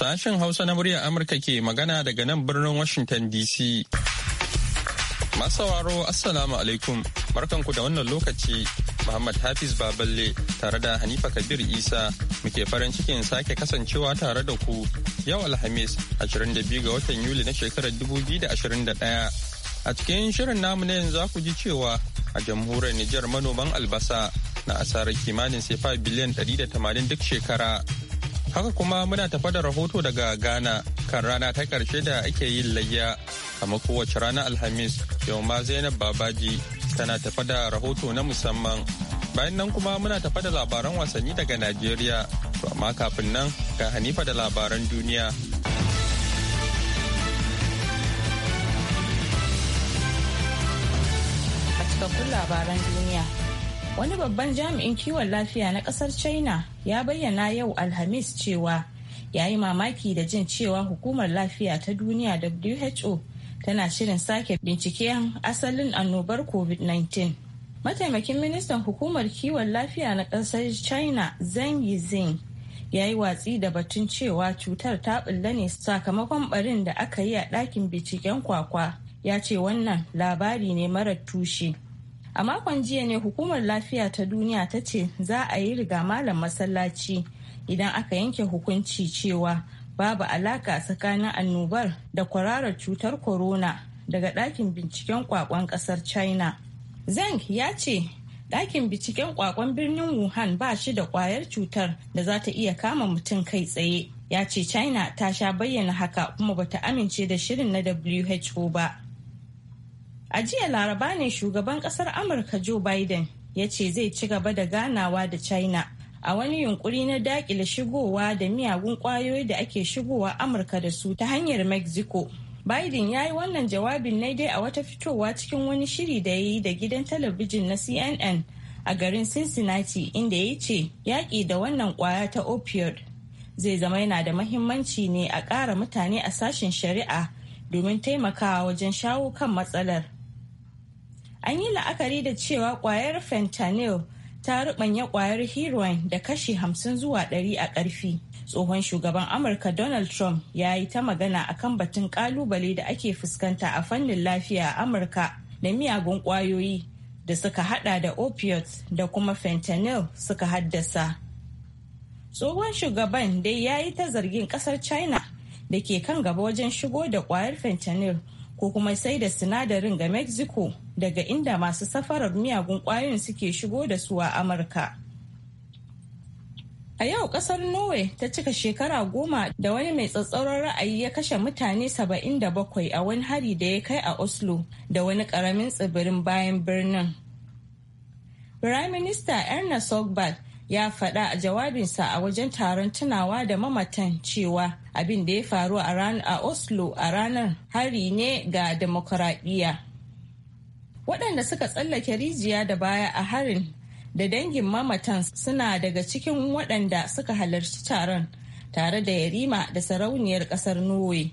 Sashen Hausa na muryar Amurka ke magana daga nan birnin Washington DC. Masauraro Assalamu alaikum barkanku da wannan lokaci Muhammad Hafiz Baballe tare da Hanifa Kabir Isa muke farin cikin sake kasancewa tare da ku yau Alhamis 22 ga watan Yuli na shekarar 2021. A cikin shirin namu na yanzu za ku ji cewa a jamhuriyar Nijar manoman albasa na asarar kimanin sefa biliyan 180 duk shekara Haka kuma muna tafa da rahoto daga Ghana kan rana ta karshe da ake yin layya kamar kowace rana Alhamis yauma ma Zainab Babaji tana tafa da rahoto na musamman. Bayan nan kuma muna tafa da labaran wasanni daga Najeriya to amma kafin nan ga Hanifa da labaran duniya. A cikakkun labaran duniya Wani babban jami'in kiwon lafiya na kasar China ya bayyana yau Alhamis cewa ya yi mamaki da jin cewa hukumar lafiya ta duniya WHO tana shirin sake binciken asalin annobar COVID-19. Mataimakin ministan hukumar kiwon lafiya na kasar China Zhang Yizhen ya yi watsi da batun cewa cutar ta bulla ne sakamakon barin da aka yi a ɗakin binciken kwakwa ya ce wannan labari ne marar tushe. A makon jiya ne hukumar lafiya ta duniya ta ce za a yi riga malam masallaci idan aka yanke hukunci cewa babu alaka tsakanin annobar da kwararar cutar corona daga ɗakin binciken kwakwan ƙasar China. Zeng ya ce ɗakin binciken kwakwan birnin Wuhan ba shi da kwayar cutar da za ta iya kama mutum kai tsaye. Ya ce China ta sha bayyana haka kuma bata amince da shirin na WHO ba. A jiya laraba ne shugaban kasar Amurka Joe Biden ya ce zai ci gaba da ganawa da China a wani yunkuri na dakile shigowa da miyagun kwayoyi da ake shigowa Amurka da su ta hanyar Mexico. Biden ya yi wannan jawabin ne dai a wata fitowa cikin wani shiri da ya yi da gidan talabijin na CNN a garin Cincinnati inda ya ce yaƙi da wannan kwaya ta opioid zai zama yana da mahimmanci ne a ƙara mutane a sashen shari'a domin taimakawa wajen shawo kan matsalar. an yi la'akari da cewa kwayar fentanyl ta rubanya kwayar heroin da kashi hamsin zuwa ɗari a ƙarfi tsohon shugaban amurka donald trump ya yi ta magana akan batun kalubale da ake fuskanta a fannin lafiya a amurka da miyagun kwayoyi da suka hada da opioids da kuma fentanyl suka haddasa tsohon shugaban dai ya yi ta zargin kasar china da ke kan gaba wajen shigo da kwayar fentanyl ko kuma sai da sinadarin ga mexico daga inda masu safarar miyagun kwayoyin suke shigo da su a amurka a yau kasar norway ta cika shekara goma da wani mai tsatsauran ra'ayi ya kashe mutane 77 a wani hari da ya kai a oslo da wani karamin tsibirin bayan birnin prime minister erna ya faɗa a jawabinsa a wajen taron tunawa da mamatan cewa abin da ya faru a oslo a ranar hari ne ga demokuraɗiyya waɗanda suka tsallake rijiya da baya a harin da dangin mamatan suna daga cikin waɗanda suka halarci taron tare da yarima da sarauniyar ƙasar norway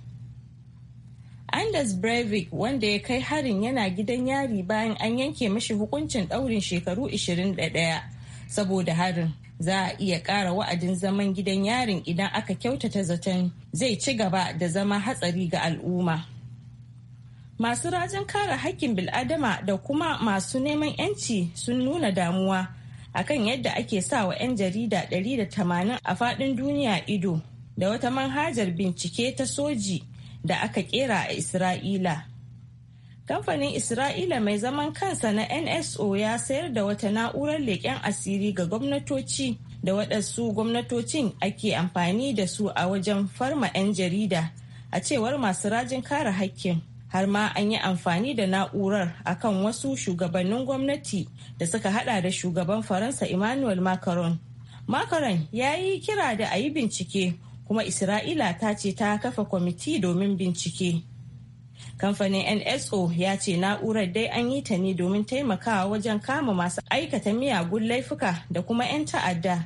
anders breivik wanda ya kai harin yana gidan yari bayan an yanke mashi hukuncin ɗaurin shekaru 21 saboda harin za a iya ƙara wa'adin zaman gidan yarin idan aka kyautata zaton zai ci gaba da zama hatsari ga al'umma. Masu rajin kare haƙƙin bil'adama da kuma masu neman 'yanci sun nuna damuwa akan yadda ake sa wa 'yan jarida 180 a faɗin duniya ido da wata manhajar bincike ta soji da aka kera a Isra'ila. Kamfanin Isra'ila mai zaman kansa na NSO ya sayar da wata na'urar leƙen asiri ga gwamnatoci da waɗansu gwamnatocin ake amfani da su a wajen farma 'yan jarida a cewar masu rajin kare hakkin. Har ma an yi amfani da na'urar a kan wasu shugabannin gwamnati da suka hada da shugaban Faransa Emmanuel Macron. Macron ya yi kira da a yi bincike kuma Isra'ila ta ce ta kafa kwamiti domin bincike. kamfanin nso ya ce na'urar dai an yi ta ne domin taimakawa wajen kama masu aikata miyagun laifuka da kuma 'yan ta'adda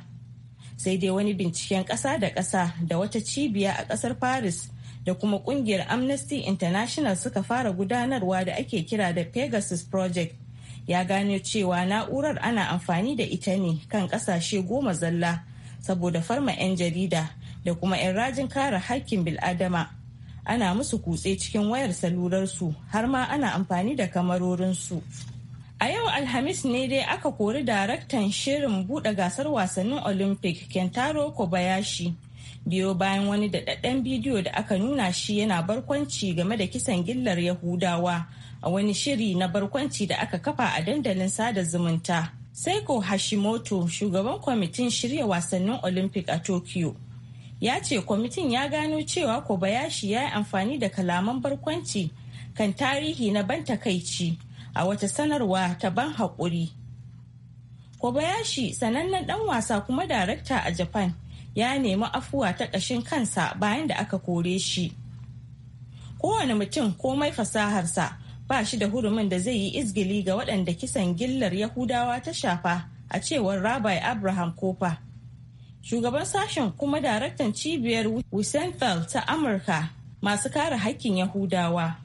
sai dai wani binciken ƙasa da ƙasa da wata cibiya a ƙasar paris da kuma ƙungiyar amnesty international suka fara gudanarwa da ake kira da pegasus project ya gano cewa na'urar ana amfani da ita ne kan ƙasashe goma zalla saboda farma 'yan jarida da kuma 'yan rajin kare haƙƙin bil'adama ana musu kutse cikin wayar salularsu har ma ana amfani da kamarorinsu. A yau Alhamis ne dai aka kori daraktan shirin buɗe gasar wasannin Olympic Kentaro Kobayashi. Biyo bayan wani daɗaɗɗen bidiyo da aka nuna shi yana barkwanci game da kisan gillar Yahudawa a wani shiri na barkwanci da aka kafa a dandalin sada zumunta. Seiko Hashimoto, shugaban kwamitin shirya wasannin Olympic a Tokyo. ya ce kwamitin ya gano cewa kobayashi ya yi amfani da kalaman barkwanci kan tarihi na ban takaici a wata sanarwa ta ban haƙuri kobayashi sanannen ɗan wasa kuma darakta a japan ya nemi afuwa ta ƙashin kansa bayan da aka kore shi kowane mutum komai fasaharsa ba shi da hurumin da zai yi izgili ga waɗanda kisan gillar yahudawa ta shafa a cewar rabbi abraham kofa Shugaban sashen kuma daraktan cibiyar Wiesenfeld ta Amurka masu kare hakkin Yahudawa.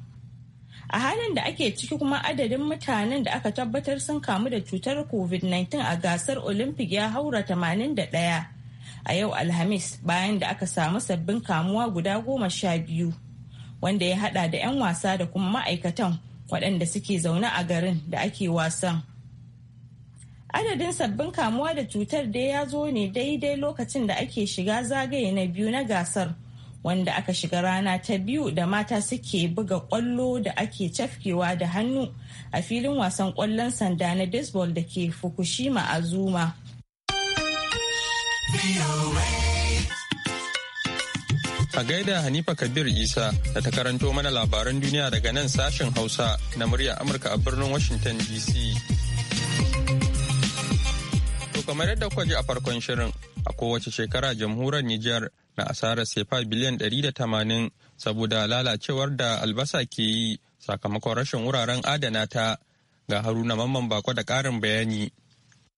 A halin da ake ciki kuma adadin mutanen da aka tabbatar sun kamu da cutar COVID-19 a gasar Olympic ya haura 81 a yau Alhamis bayan da aka samu sabbin kamuwa guda goma sha biyu, wanda ya hada da 'yan wasa da kuma ma'aikatan waɗanda suke zaune a garin da ake wasan. Adadin sabbin kamuwa da cutar da ya zo ne daidai lokacin da ake shiga zagaye na biyu na gasar wanda aka shiga rana ta biyu da mata suke buga kwallo da ake cafkewa da hannu a filin wasan kwallon sanda na baseball da ke Fukushima a Zuma. A gaida Hanifa Kabir Isa da ta karanto mana labaran duniya daga nan sashen Hausa na murya Amurka a birnin Washington DC. kamar yadda kwaji a farkon shirin a kowace shekara jamhuriyar Nijar na asarar sefa biliyan 180 saboda lalacewar da albasa ke yi sakamakon rashin wuraren adana ta ga haruna mamman bako da karin bayani.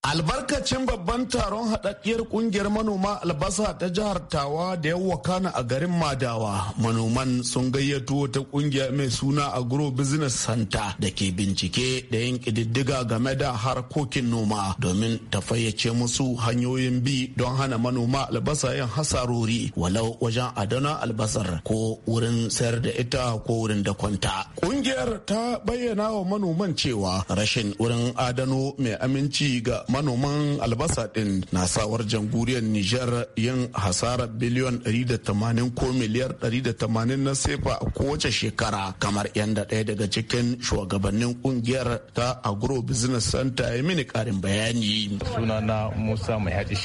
albarkacin babban taron haɗaɗɗiyar ƙungiyar manoma albasa ta jihar tawa da yawa kana a garin madawa manoman sun gayyato ta ƙungiya mai suna agro business center da ke bincike da yin ƙididdiga game da harkokin noma domin ta fayyace musu hanyoyin bi don hana manoma albasa yin hasarori walau wajen adana albasar ko wurin sayar da ita ko wurin da kwanta ƙungiyar ta bayyana wa manoman cewa rashin wurin adano mai aminci ga manoman albasa din na sawar jamhuriyar Nijar yin hasara biliyon 180 ko miliyar 180 na sefa a kowace shekara kamar yadda ɗaya daga cikin shugabannin kungiyar ta Agro Business Center ya mini karin bayani. Sunana Musa Mai Haji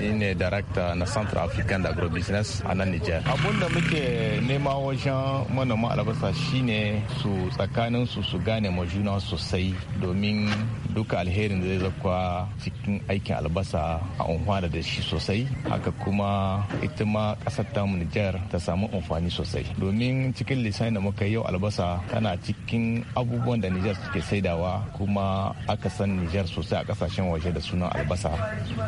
ni ne darakta na Central African Agro Business a nan Nijar. Abun da muke nema wajen manoman albasa shine su tsakanin su su gane ma sosai domin duka alherin da zai zakwa cikin aikin albasa a unhwana da shi sosai haka kuma ita ma kasar tamu Nijar ta samu amfani sosai domin cikin lisani da muka yau albasa tana cikin abubuwan da Nijar suke saidawa kuma aka san Nijar sosai a kasashen waje da sunan albasa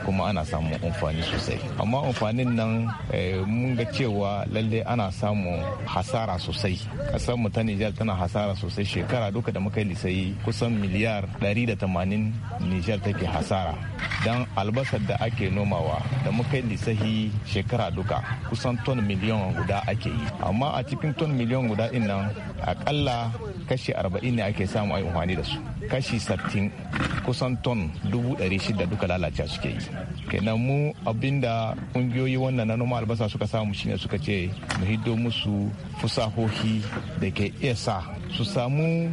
kuma ana samun amfani sosai amma amfanin nan eh, mun ga cewa lalle ana samun hasara sosai kasar mu ta Nijar tana hasara sosai shekara duka da muka yi kusan miliyar 180 Nijar take hasara asara don albasar da ake nomawa da muka yi lissahi shekara duka kusan ton miliyan guda ake yi amma a cikin ton miliyan guda din nan akalla kashi 40 ne ake samu ai amfani da su kashi 60 kusan ton 600 duka lalace suke yi kenan mu abinda kungiyoyi wannan na noma albasa suka samu shine suka ce mu hiddo musu fusahohi da ke iya sa su samu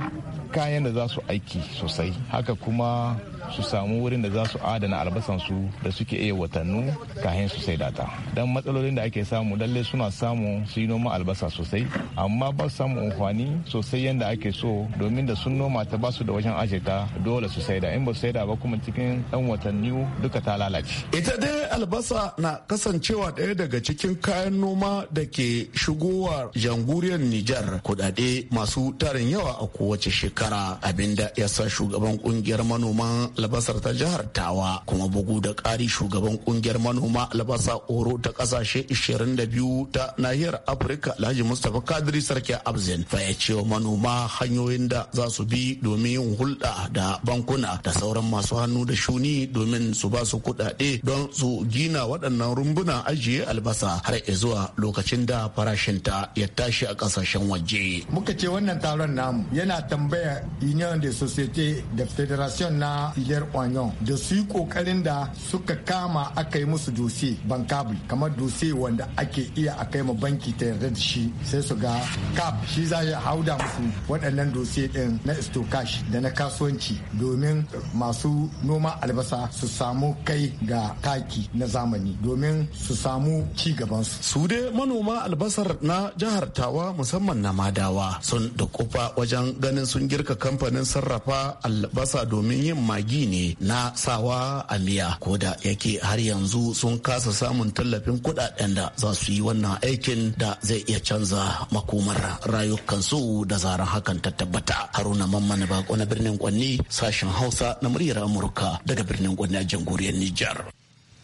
kayan da za su aiki sosai haka kuma su samu wurin da za su adana albasansu da suke iya watannu kahin su sai data don matsalolin da ake samu lalle suna samu su yi noma albasa sosai amma ba su samu amfani sosai yadda ake so domin da sun noma ta ba su da wajen aje ta dole su saida in ba su saida ba kuma cikin dan watanni duka ta lalace ita dai albasa na kasancewa ɗaya daga cikin kayan noma da ke shigowa janguriyar Nijar kudade masu tarin yawa a kowace shekara abinda ya sa shugaban kungiyar manoman albasar ta jihar tawa kuma bugu da ƙari shugaban kungiyar manoma albasa oro ta ƙasashe 22 ta nahiyar afirka alhaji mustapha kadiri sarki abzin Faya cewa manoma hanyoyin da za su bi domin yin hulɗa da bankuna da sauran masu hannu da shuni domin su ba su kuɗaɗe don su gina waɗannan rumbuna ajiye albasa har zuwa lokacin da farashin ta ya tashi a kasashen waje. Muka ce wannan taron namu yana tambaya Union de Societe de Federation na kungiyar Onyon da su yi kokarin da suka kama aka yi musu dosiye bankable kamar dosiye wanda ake iya a kai ma banki ta yarda da shi sai su ga cap shi za ya hauda musu waɗannan dosiye ɗin na stokash da na kasuwanci domin masu noma albasa su samu kai ga taki na zamani domin su samu ci gabansu. Su dai manoma albasar na jihar Tawa musamman na Madawa sun da kufa wajen ganin sun girka kamfanin sarrafa albasa domin yin magi ji ne na sawa a miya ko da yake har yanzu sun kasa samun tallafin kuɗaɗen da za su yi wannan aikin da zai iya canza makomar rayukansu da zaran hakan ta tabbata haruna mamman bako na birnin kwanni sashen hausa na muryar amurka daga birnin kwanni a jamhuriyar nijar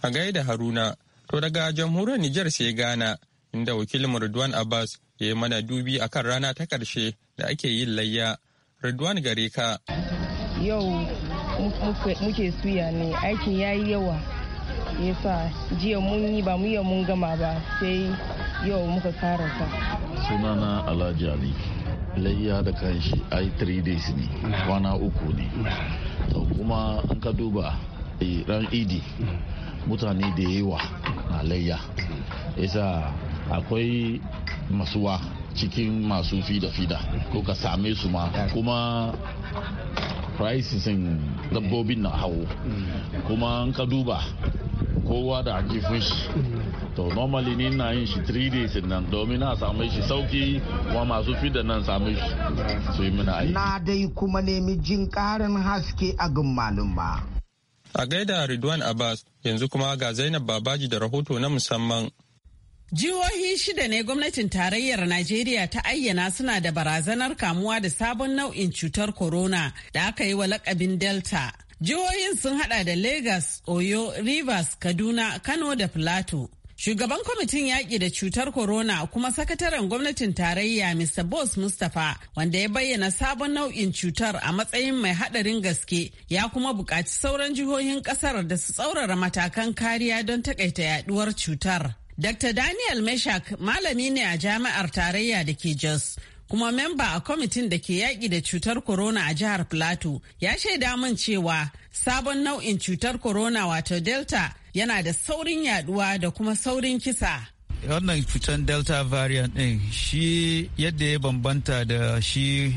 a gaida haruna to daga jamhuriyar nijar sai ghana inda wakilin Ridwan Abbas ya yi mana dubi akan rana ta karshe da ake yin layya. Ridwan gare ka. Yau muke suya ne aikin ya yi yawa yasa jiya mun yi ba mu iya mun gama ba sai yau muka karasa sunana alhaji ali layya da kanshi ai 3 days ne kwana uku ne to kuma an ka duba eh, ran idi mutane da yawa na layya yasa akwai masuwa cikin masu fida-fida ko ka same su ma kuma pricing dabbobin na hau kuma an ka duba kowa da kifin shi to normally ni na yin shi 3 days nan domin na same shi sauki kuma masu fida nan same shi su yi muna yi na dai kuma nemi jin karin haske a gun malum ba a gaida ridwan abbas yanzu kuma ga zainab babaji da rahoto na musamman Jihohi shida ne gwamnatin tarayyar Najeriya ta ayyana suna da barazanar kamuwa da sabon nau'in cutar corona da aka yi wa lakabin Delta. Jihohin sun hada da Lagos, Oyo, Rivers, Kaduna, Kano da Plateau. Shugaban kwamitin yaƙi da cutar corona kuma sakataren gwamnatin tarayya Mr. Boss Mustapha wanda ya bayyana sabon nau'in cutar a matsayin mai haɗarin gaske ya kuma buƙaci sauran jihohin ƙasar da su tsaurara matakan kariya don taƙaita yaɗuwar cutar. Dr. Daniel Meshak malami ne a jami'ar tarayya da ke Jos. kuma memba a kwamitin da ke yaƙi da cutar corona a jihar plateau ya shaida min cewa sabon nau'in cutar corona wato delta yana da saurin yaduwa da kuma saurin kisa wannan cutar delta variant ɗin shi yadda ya bambanta da shi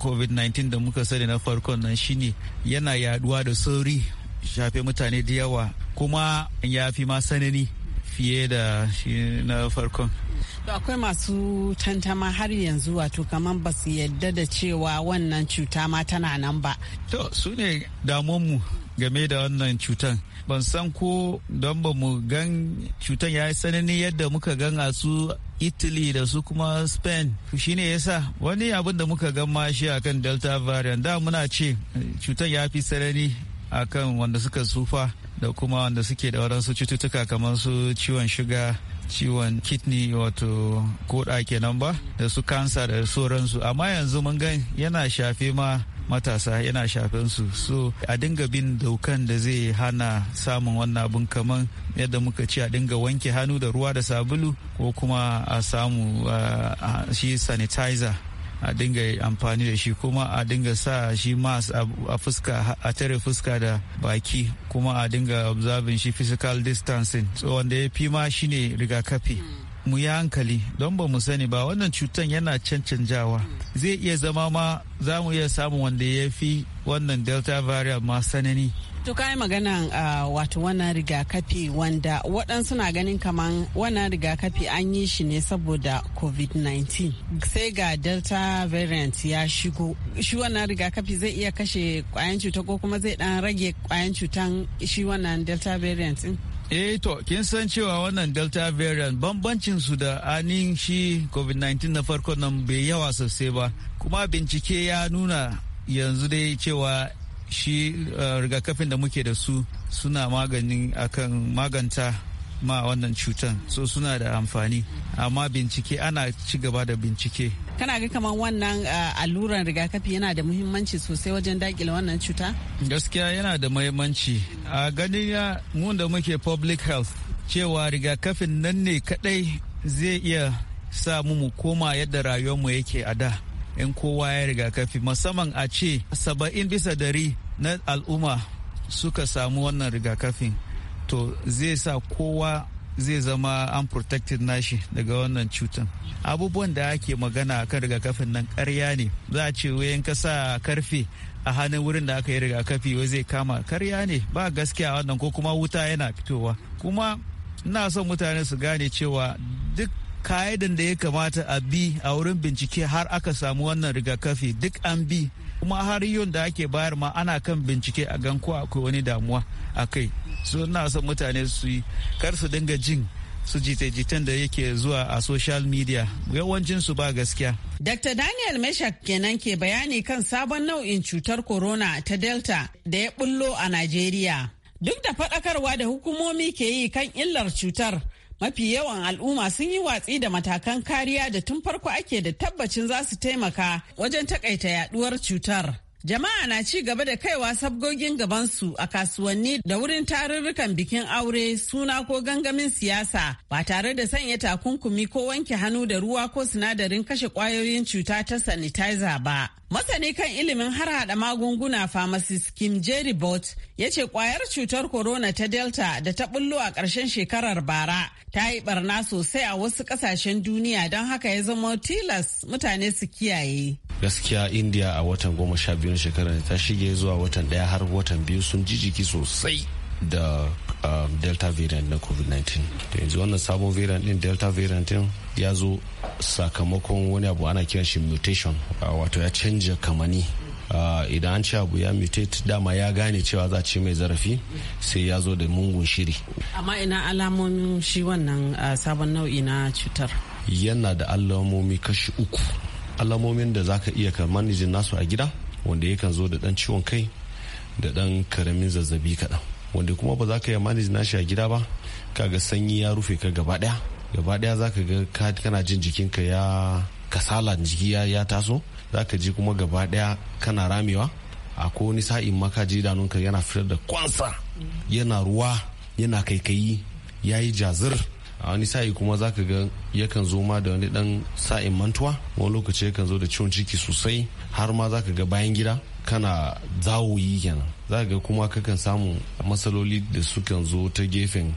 covid-19 da muka sani na farkon nan shine yana yaduwa da sauri shafe mutane da yawa kuma ya fi ma sanani fiye da shi na farkon akwai masu tantama har yanzu wato kamar ba su yadda da cewa wannan cuta ma tana nan ba to su ne mu game da wannan cutan ban san ko don ba mu gan cutan ya yi tsanani yadda muka gan a su italy da su kuma spain shi ne ya sa wani abin da muka gan mashi a kan delta variant da muna ce cutan ya fi tsanani kan wanda suka sufa da kuma wanda suke da waɗansu cututtuka kamar su ciwon shiga ciwon kidney wato koda kenan ba da su kansa da sauransu amma yanzu mun gan yana shafe ma matasa yana shafen su so a dinga bin dokan da zai hana samun wannan abin kamar yadda muka ci a dinga wanke hannu da ruwa da sabulu ko kuma a samu shi sanitizer a dinga amfani da shi kuma a dinga sa shi mas a fuska a tare fuska da baki kuma a dinga observing shi physical distancing so wanda ya fi ma shi ne rigakafi hmm. mu yi hankali don ba mu sani ba wannan cutan yana cancanjawa hmm. zai iya zama ma za mu iya samun wanda ya fi wannan delta variant ma sanani To kayi maganan ah, wato wannan rigakafi wanda waɗansu na ganin kaman wannan rigakafi an yi shi ne saboda COVID-19. Sai ga Delta variant ya shigo. Shi wannan rigakafi zai iya kashe kwayan cuta ko kuma zai ɗan rage kwayan cutan shi wannan Delta variant in? Eh to, kin san cewa wannan Delta variant bambancin su da anin shi COVID-19 na farko nan bai yawa sosai ba. Kuma bincike ya nuna yanzu dai cewa shi eh, rigakafin da muke da su suna maganin akan maganta ma wannan cutan so suna da amfani amma bincike ana ci gaba da bincike kana ga kamar wannan eh, alluran rigakafi yana da muhimmanci sosai wajen dakile wannan cuta gaskiya yana da muhimmanci a ganin ya mu da muke public health cewa rigakafin nan ne kadai zai iya sa mu koma yadda rayuwar mu yake a da in kowa ya rigakafi musamman a ce saba'in bisa dari na al'umma suka samu wannan rigakafin to zai sa kowa zai zama unprotected nashi daga wannan cutan abubuwan da ake magana kan rigakafin nan karya ne za a ce wayan kasa karfe a hannun wurin da aka yi rigakafi wai zai kama karya ne ba gaskiya wannan ko kuma wuta yana fitowa kuma ina son mutane su gane cewa duk ka'idan da ya kamata a bi a wurin bincike har aka samu wannan rigakafi duk an bi kuma har yiun da ake bayar ma ana kan bincike a gan ko akwai wani damuwa a kai su ina son mutane su yi kar su dinga jin su jita-jitan da yake zuwa a social media yawancin su ba gaskiya. Dr. Daniel Meshak kenan ke bayani kan sabon nau'in cutar corona ta Delta da ya bullo a Najeriya. Duk da faɗakarwa da hukumomi ke yi kan illar cutar, Mafi yawan al'umma sun yi watsi da matakan kariya da tun farko ake da tabbacin za su taimaka wajen takaita yaduwar cutar. Jama'a na ci gaba da kaiwa sabgogin gabansu a kasuwanni da wurin tarurrukan bikin aure suna ko gangamin siyasa ba tare da sanya takunkumi ko wanke hannu da ruwa ko sinadarin kashe kwayoyin cuta ta sanitizer ba. Masani kan ilimin har hada magunguna pharmacist Kim Jerry bot ya ce kwayar cutar corona ta Delta da ta bullo a ƙarshen shekarar bara ta yi barna sosai a wasu ƙasashen duniya don haka ya zama tilas mutane su kiyaye. Gaskiya India a watan goma sha biyu shekarar ta shige zuwa watan ɗaya har watan biyu sun jijiki sosai da Um, delta variant na covid-19 to yanzu wannan sabon variant din delta variant din ya zo sakamakon wani abu ana kiran shi mutation uh, wato ya canja kamani uh, idan an ce abu ya mutate dama ya gane cewa za ce mai zarafi sai ya zo da mungun shiri amma ina alamomin shi wannan uh, sabon nau'i na cutar yana da alamomi kashi uku alamomin da za ka iya ka nijin nasu a gida wanda yakan zo da dan ciwon kai da dan karamin zazzabi kaɗan wanda kuma ba za ka yi manage nashi a gida ba kaga sanyi ya rufe ka gaba daya gaba daya za ka ga kana jin jikinka ya kasala jiki ya taso za ka ji kuma gaba daya kana ramewa a ko wani sa'in ka ji idanunka yana fitar da kwansa yana ruwa yana kaikayi ya yi jazir a wani sa'i kuma za ka ga yakan zo ma da wani dan sa'in mantuwa wani lokaci yakan zo da ciwon ciki sosai har ma za ka ga bayan gida kana zawo yi kenan za ga kuma kakan samu matsaloli da sukan zo ta gefen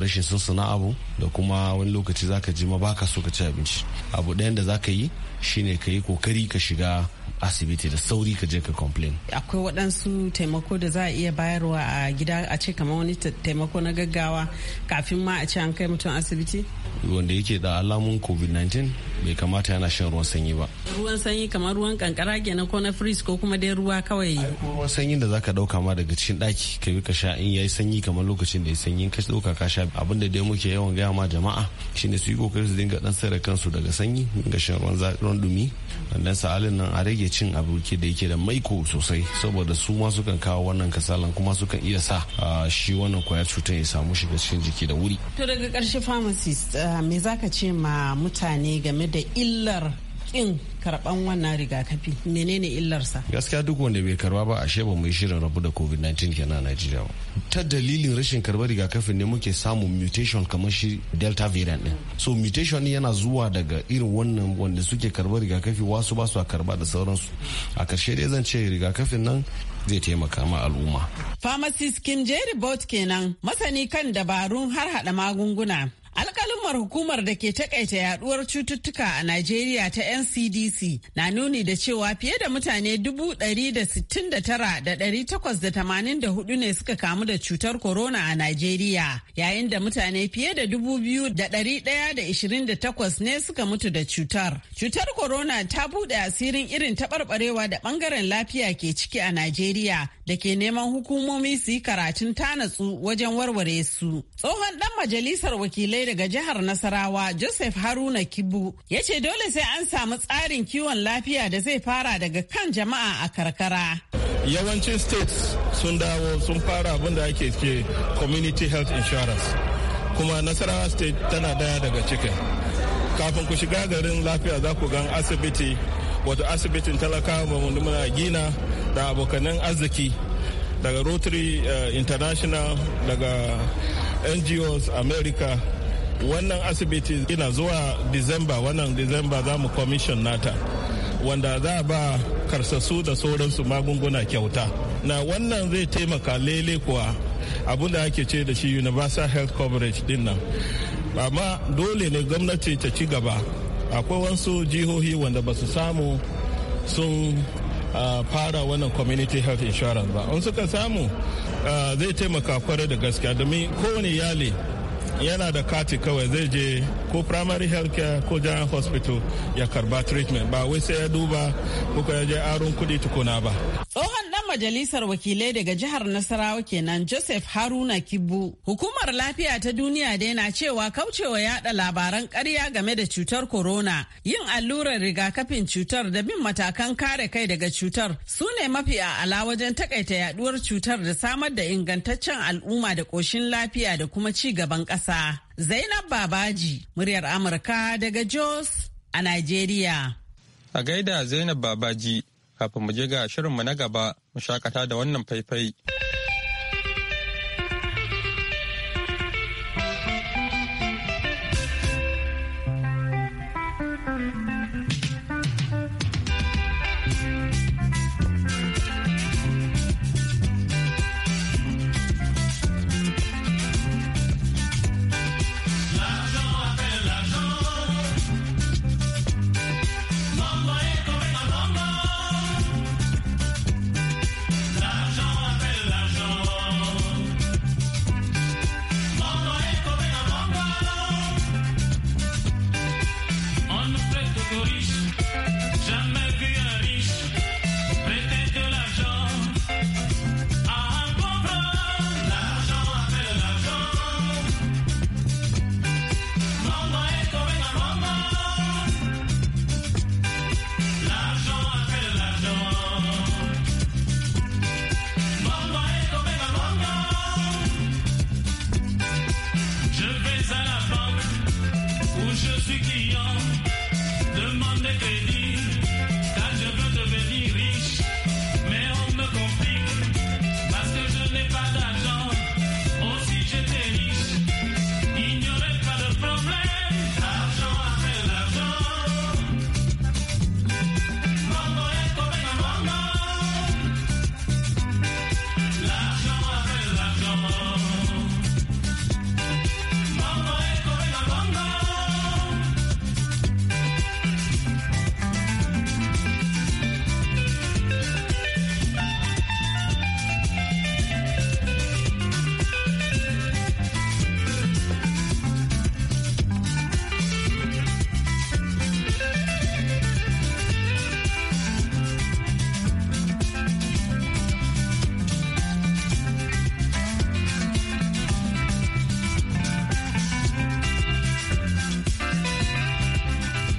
rashin sunsuna abu da kuma wani lokaci za ka ji ma baka so ka ci abinci abu ɗayan da za ka yi shine ka yi kokari ka shiga asibiti da sauri ka je ka complain akwai waɗansu taimako da za a iya bayarwa a gida a ce kamar wani taimako na gaggawa kafin ma a ce an kai mutum asibiti wanda yake da alamun covid-19 bai kamata yana shan ruwan sanyi ba ruwan sanyi kamar ruwan kankara kenan ko na freeze ko kuma dai ruwa kawai ruwan sanyin da zaka dauka ma daga cikin ɗaki ka bi ka sha in yayi sanyi kamar lokacin da ya sanyi ka dauka ka sha abin da dai muke yawan gaya ma jama'a shine su yi kokari su dinga dan sayar kansu daga sanyi ga shan ruwan dumi wannan sa'alin nan a rage cin abinci da yake da maiko sosai saboda su ma sukan kawo wannan kasalan kuma sukan iya sa shi wannan kwayar cutar ya samu shiga cikin jiki da wuri to daga karshe pharmacist eh, me zaka ce ma mutane game da illar in karban wannan rigakafi menene illarsa gaskiya duk wanda bai karba ba ashe ba mu yi shirin rabu da covid-19 kenan a Najeriya ba ta dalilin rashin karbar rigakafin ne muke samun mutation kamar shi delta variant din so mutation yana zuwa daga irin wannan wanda suke karɓar rigakafi wasu ba su a karba da sauransu a karshe dai zan ce rigakafin nan zai taimaka ma al'umma pharmacist kim jerry kenan masani kan dabarun har hada magunguna alkalumar hukumar da ke takaita yaduwar cututtuka a najeriya ta ncdc na nuni da cewa fiye da mutane 169,884 ne suka kamu da cutar corona a najeriya yayin da mutane fiye da 2,128 ne suka mutu da cutar cutar corona ta buɗe asirin irin taɓarɓarewa da ɓangaren lafiya ke ciki a najeriya da ke neman hukumomi su yi karatun tanatsu wajen warware su. Tsohon ɗan majalisar wakilai daga jihar Nasarawa Joseph Haruna Kibu ya ce dole sai an samu tsarin kiwon lafiya da zai fara daga kan jama'a a karkara. Yawancin states sun dawo sun fara abin da ake ke community health insurance kuma Nasarawa state tana daya daga cikin. Kafin ku shiga garin lafiya za ku gan asibiti wato asibitin talakawa muna gina da abokanan arziki daga rotary eh, international daga ngos america wannan asibiti ina zuwa December wannan December za mu commission nata wanda za ba karsassu da sauransu magunguna kyauta na wannan zai taimaka lele kuwa abinda da ake ce da shi universal health coverage din nan amma dole ne gwamnati ta ci gaba akwai wasu jihohi wanda ba su samu sun fara wannan community health insurance ba in suka samu zai taimaka kwarai da gaskiya domin kowane yali yana da kati kawai zai je ko primary health care ko general hospital ya karba treatment ba wai sai ya duba ko ya je aron kudi tukuna ba majalisar wakilai daga jihar Nasarawa kenan Joseph Haruna Kibu. Hukumar lafiya ta duniya dai na cewa kaucewa yada labaran ƙarya game da cutar corona, yin allurar rigakafin cutar da bin matakan kare kai daga cutar su ne mafi a'ala wajen takaita yaduwar cutar da samar da ingantaccen al'umma da ƙoshin lafiya da kuma ci gaban ƙasa. Zainab Babaji, muryar Amurka daga Jos a Najeriya. A gaida Zainab Babaji kafin mu je ga shirinmu na gaba mu shakata da wannan faifai.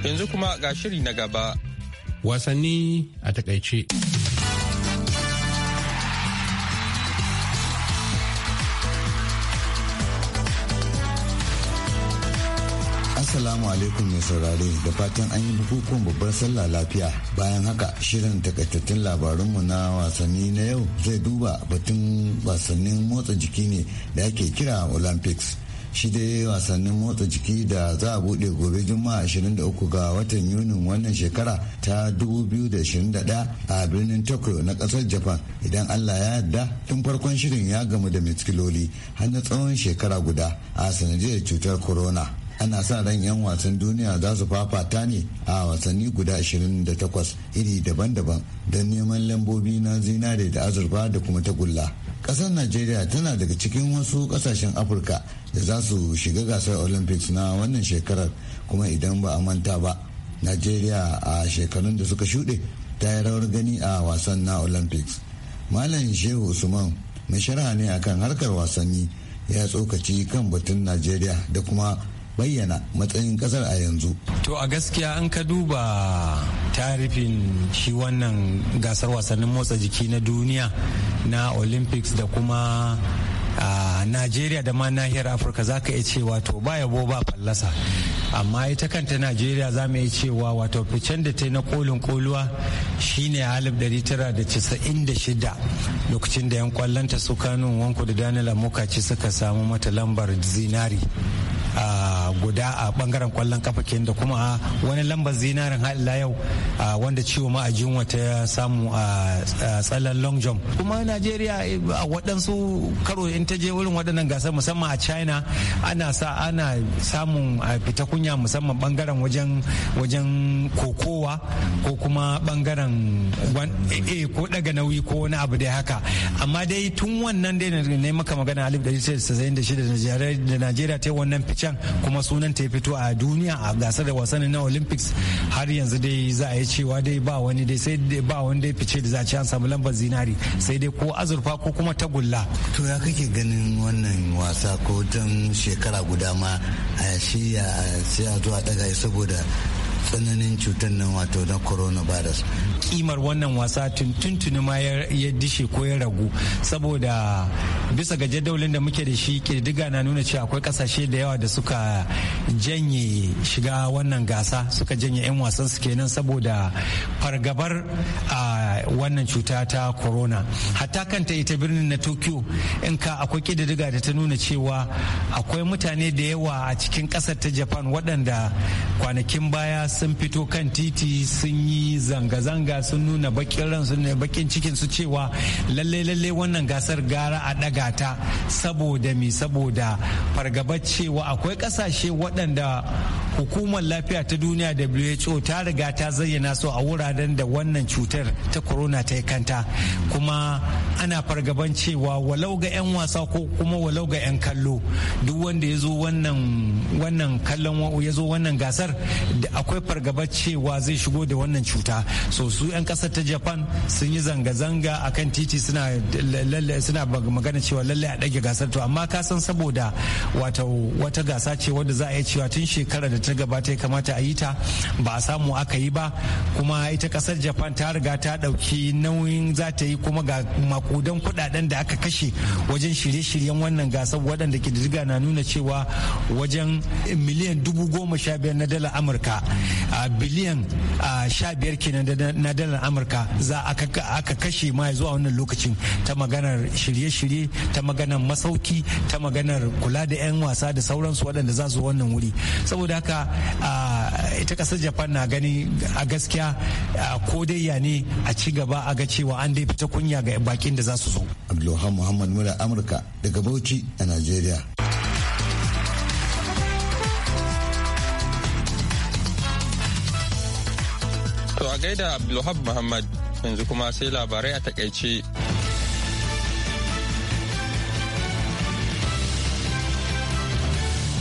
Yanzu kuma ga shiri na gaba. Wasanni a takaice. Assalamu alaikum mai saurare da fatan an yi bukukuwan babbar sallah lafiya. Bayan haka shirin takaitattun labarunmu na wasanni na yau zai duba batun wasannin motsa jiki ne da ake kira Olympics. shi yi wasannin motsa jiki da za a bude gobe juma'a 23 ga watan yunin wannan shekara ta 2021 a birnin tokyo na kasar japan idan allah ya yarda tun farkon shirin ya gamu da mitkiloli har na tsawon shekara guda a sanadiyar cutar corona ana sa ran 'yan wasan duniya za su fafata ne a wasanni guda 28 iri daban-daban don neman lambobi na zinare da azurfa da kuma tagulla ƙasar najeriya tana daga cikin wasu ƙasashen afirka da za su shiga gasar olympics na wannan shekarar kuma idan ba a manta ba najeriya a shekarun da suka shuɗe ta yi rawar gani a wasan na olympics malam shehu usman mai shara ne akan harkar wasanni ya tsokaci kan batun najeriya da kuma bayyana matsayin kasar a yanzu. To a gaskiya an ka duba tarifin shi wannan gasar wasannin motsa jiki na duniya na Olympics da kuma a Najeriya da ma nahiyar Afirka za ka iya cewa to ba yabo ba fallasa. Amma ita kanta Najeriya za mu iya cewa wato ficen da ta yi na kolin koluwa shine da shida lokacin da 'yan kwallonta su kanun wanku da muka Amokaci suka samu mata lambar zinari. Uh, guda a bangaren kwallon kafa kenan da kuma wani lambar zinarin haɗila yau wanda ciwo ma a jinwa ta samu a tsallan long jump kuma najeriya eh, a waɗansu karo in ta je wurin waɗannan gasar musamman a china ana sa ana samun fita kunya musamman bangaren wajen wajen kokowa ko kuma bangaren eh, eh, ko daga nauyi ko wani abu dai haka amma dai tun wannan dai ne maka magana alif da da najeriya ta yi wannan ficen kuma sunan ta fito a duniya a gasar da wasanni na olympics har yanzu dai za a yi cewa dai ba wani dai sai dai ba wani dai fice da za a ci an samu lambar zinari sai dai ko azurfa ko kuma tagulla to ya kake ganin wannan wasa ko tun shekara guda ma a shi ya sai a zuwa daga saboda tsananin cutar nan wato na coronavirus kimar wannan wasa tuntuni ma ya dishe ko ya ragu saboda bisa ga jadawalin da muke da shi kirdiga na nuna cewa akwai kasashe da yawa da suka janye shiga wannan gasa suka janye 'yan wasan su kenan saboda fargabar a wannan cuta ta corona hatta kanta ita birnin na tokyo in ka akwai kididdiga da ta nuna cewa akwai mutane da yawa a cikin kasar ta japan waɗanda kwanakin baya sun fito kan titi sun yi zanga-zanga sun nuna bakin sun nuna bakin cikin su cewa lalle lalle wannan gasar gara a daga ta saboda mi saboda fargaba cewa akwai kasashe waɗanda hukumar lafiya ta duniya WHO ta riga ta zayyana su a wuraren da wannan cutar ta corona ta yi kanta kuma ana fargaban cewa walau ga 'yan wasa ko kuma walau ga 'yan kallo duk wanda ya zo wannan kallon ya zo wannan gasar akwai fargaba cewa zai shigo da wannan cuta so su 'yan kasar ta japan sun yi zanga-zanga a kan titi suna magana cewa lallai a ɗage gasar to amma ka san saboda wata gasa ce wadda za a yi cewa tun shekarar da ta gabata ya kamata a yi ta ba a samu aka yi ba kuma ita kasar japan ta riga ta ɗauki nauyin za ta yi kuma ga makudan kuɗaɗen da aka kashe wajen shirye-shiryen wannan gasar waɗanda ke na nuna cewa wajen miliyan dubu goma sha biyar na dala amurka a biliyan sha biyar kenan na dalar amurka za aka kashe ma zuwa wannan lokacin ta maganar shirye-shirye ta maganar masauki ta maganar kula da 'yan wasa da sauransu waɗanda za su wannan wuri saboda haka ita ƙasar japan na gani a gaskiya ko dai ya ne a ci gaba a ga cewa an dai fita kunya ga bakin da za su zo abdulhamu muhammad mura amurka daga bauchi a najeriya da Abdulhab Muhammad yanzu kuma sai labarai a takaice.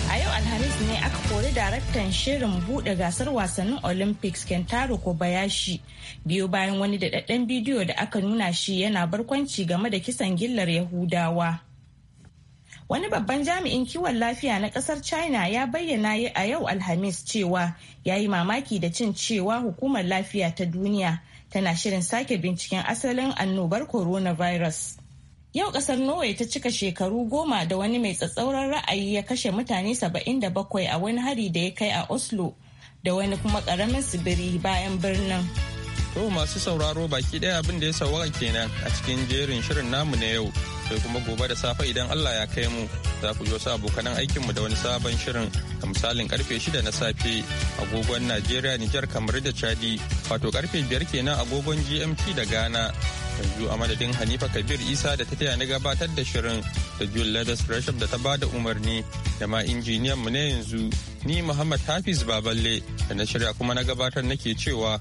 A yau Alhamis ne aka kori daraktan shirin buɗe gasar wasannin Olympics Kentaro bayashi biyu bayan wani daɗaɗɗen bidiyo da aka nuna shi yana barkwanci game da kisan gillar Yahudawa. Wani babban jami'in kiwon lafiya na kasar China ya bayyana a yau Alhamis cewa ya yi mamaki da cin cewa hukumar lafiya ta duniya tana shirin sake binciken asalin annobar coronavirus. Yau kasar Norway ta cika shekaru goma da wani mai tsatsauran ra'ayi ya kashe mutane 77 a wani hari da ya kai a Oslo da wani kuma ƙaramin tsibiri bayan birnin. To masu sauraro baki ɗaya abin da ya sauwaka kenan a cikin jerin shirin namu na yau sai kuma gobe da safe idan Allah ya kai mu za ku yi wasu abokanan aikinmu da wani sabon shirin ga misalin karfe 6 na safe agogon Najeriya Nijar kamar da Chadi wato karfe 5 kenan agogon GMT da Ghana yanzu a madadin Hanifa Kabir Isa da ta taya ni gabatar da shirin da Jul Ladas Rashab da ta ba da umarni da ma injiniyan mu na yanzu ni Muhammad Hafiz Baballe da na shirya kuma na gabatar nake cewa